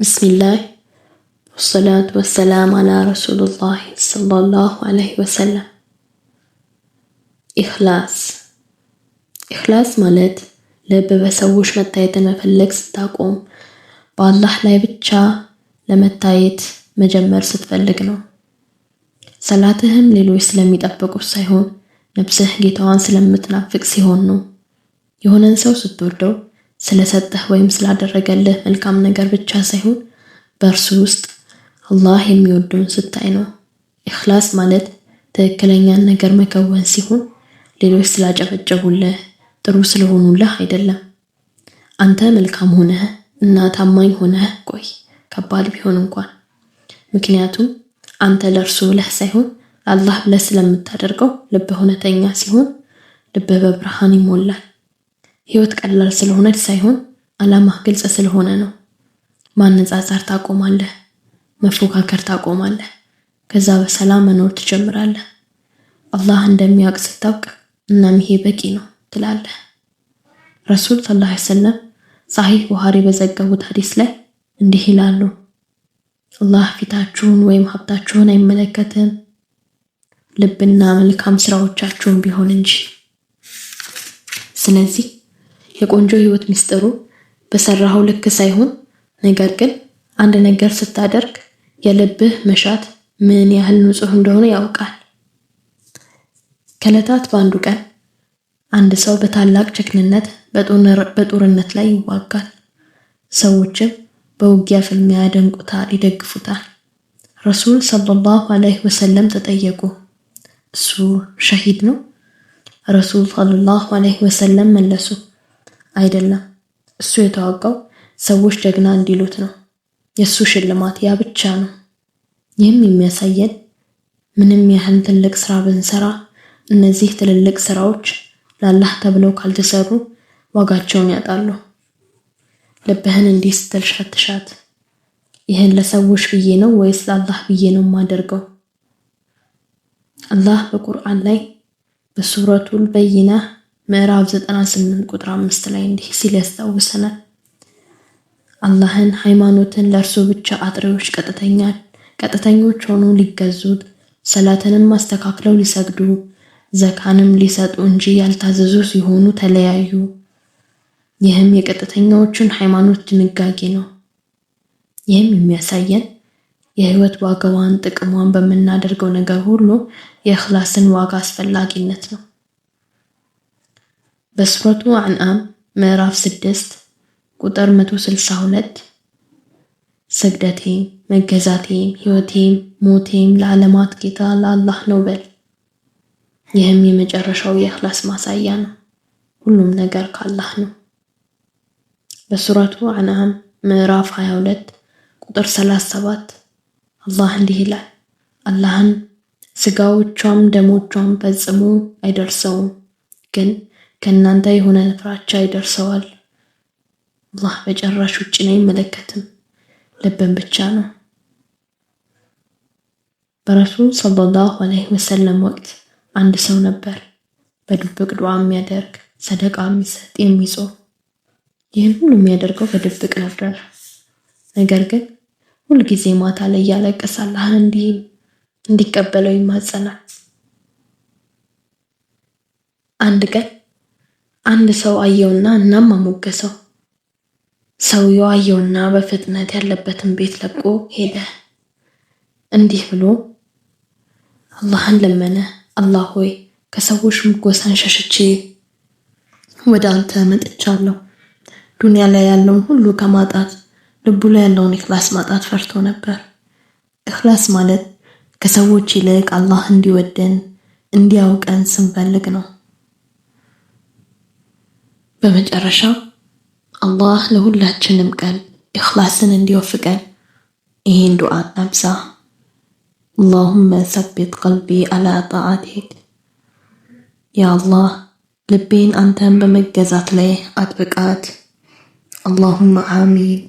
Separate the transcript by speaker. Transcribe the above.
Speaker 1: بسم الله والصلاة والسلام على رسول الله صلى الله عليه وسلم إخلاص إخلاص مالت لب بسوش متايت ما فلكس تاقوم بالله لا يبتشا لمتايت تايت مجمر ستفلقنا صلاتهم ليلو يسلم يطبقو سايهون نفسه جيتوان سلمتنا فكسي هونو يهونن ستوردو ስለሰጠህ ወይም ስላደረገልህ መልካም ነገር ብቻ ሳይሆን በእርሱ ውስጥ አላህ የሚወደውን ስታይ ነው። ኢኽላስ ማለት ትክክለኛን ነገር መከወን ሲሆን ሌሎች ስላጨበጨቡልህ፣ ጥሩ ስለሆኑልህ አይደለም። አንተ መልካም ሆነህ እና ታማኝ ሆነህ ቆይ ከባድ ቢሆን እንኳን ምክንያቱም አንተ ለእርሱ ብለህ ሳይሆን ለአላህ ብለህ ስለምታደርገው ልብህ እውነተኛ ሲሆን ልብህ በብርሃን ይሞላል። ህይወት ቀላል ስለሆነች ሳይሆን አላማ ግልጽ ስለሆነ ነው። ማነጻጸር ታቆማለህ፣ መፎካከር ታቆማለህ። ከዛ በሰላም መኖር ትጀምራለህ። አላህ እንደሚያውቅ ስታውቅ እናም ይሄ በቂ ነው ትላለህ። ረሱል ሰለላሁ ዐለይሂ ወሰለም ሳሂህ ቡኻሪ በዘገቡት ሐዲስ ላይ እንዲህ ይላሉ፣ አላህ ፊታችሁን ወይም ሀብታችሁን አይመለከትም ልብና መልካም ስራዎቻችሁን ቢሆን እንጂ። ስለዚህ የቆንጆ ህይወት ሚስጥሩ በሰራኸው ልክ ሳይሆን ነገር ግን አንድ ነገር ስታደርግ የልብህ መሻት ምን ያህል ንጹህ እንደሆነ ያውቃል። ከለታት በአንዱ ቀን አንድ ሰው በታላቅ ጀግንነት በጦርነት ላይ ይዋጋል። ሰዎችም በውጊያ ፍልሚያ ያደንቁታል፣ ይደግፉታል። ረሱል ሰለላሁ ዐለይሂ ወሰለም ተጠየቁ፣ እሱ ሸሂድ ነው? ረሱል ሰለላሁ ዐለይሂ ወሰለም መለሱ አይደለም። እሱ የታወቀው ሰዎች ጀግና እንዲሉት ነው። የእሱ ሽልማት ያ ብቻ ነው። ይህም የሚያሳየን ምንም ያህል ትልቅ ስራ ብንሰራ እነዚህ ትልልቅ ስራዎች ላላህ ተብለው ካልተሰሩ ዋጋቸውን ያጣሉ። ልብህን እንዲህ ስትል ፈትሻት። ይህን ለሰዎች ብዬ ነው ወይስ ለአላህ ብዬ ነው የማደርገው? አላህ በቁርአን ላይ በሱረቱል በይና ምዕራፍ 98 ቁጥር 5 ላይ እንዲህ ሲል ያስታውሰናል። አላህን ሃይማኖትን ለእርሱ ብቻ አጥሬዎች ቀጥተኛ ቀጥተኞች ሆኖ ሊገዙት ሰላትንም አስተካክለው ሊሰግዱ ዘካንም ሊሰጡ እንጂ ያልታዘዙ ሲሆኑ ተለያዩ። ይህም የቀጥተኛዎቹን ሃይማኖት ድንጋጌ ነው። ይህም የሚያሳየን የህይወት ዋጋዋን ጥቅሟን በምናደርገው ነገር ሁሉ የእኽላስን ዋጋ አስፈላጊነት ነው። በሱረቱ አንዓም ምዕራፍ ስድስት ቁጥር ሁለት ስግደቴም መገዛቴም ፣ህይወቴም ሞቴም ለዓለማት ጌታ ለአላህ ነው በል። ይህም የመጨረሻው የእኽላስ ማሳያ ነው። ሁሉም ነገር ካላህ ነው። በሱረቱ አንዓም ምዕራፍ 22 ቁጥር 37 አላህ እንዲህ ይላል፣ አላህን ስጋዎቿም ደሞቿም ፈጽሞ አይደርሰውም ግን ከእናንተ የሆነ ፍራቻ ይደርሰዋል። አላህ በጨራሽ ውጭን አይመለከትም፣ ልብን ብቻ ነው። በረሱል ሰለላሁ ዐለይሂ ወሰለም ወቅት አንድ ሰው ነበር በድብቅ ዱዓ የሚያደርግ ሰደቃ የሚሰጥ የሚጾም ይህን ሁሉ የሚያደርገው በድብቅ ነበር። ነገር ግን ሁልጊዜ ማታ ላይ እያለቀሰ አላህን እንዲህ እንዲቀበለው ይማጸናል። አንድ ቀን አንድ ሰው አየውና እናም አሞገሰው። ሰውየው አየውና በፍጥነት ያለበትን ቤት ለቆ ሄደ። እንዲህ ብሎ አላህን ለመነ። አላህ ሆይ ከሰዎች ምጎሳን ሸሽቼ ወደ አንተ መጥቻለሁ። ዱንያ ላይ ያለውን ሁሉ ከማጣት ልቡ ላይ ያለውን ኢኽላስ ማጣት ፈርቶ ነበር። ኢኽላስ ማለት ከሰዎች ይልቅ አላህ እንዲወደን እንዲያውቀን ስንፈልግ ነው። በመጨረሻ አላህ ለሁላችንም ቀል ኢኽላስን እንዲወፍቀን ይህን ዱዓ አብዛ اللهم ثبت قلبي على طاعتك يا الله لبين أنتم بمجزات لي أدبقات اللهم آمين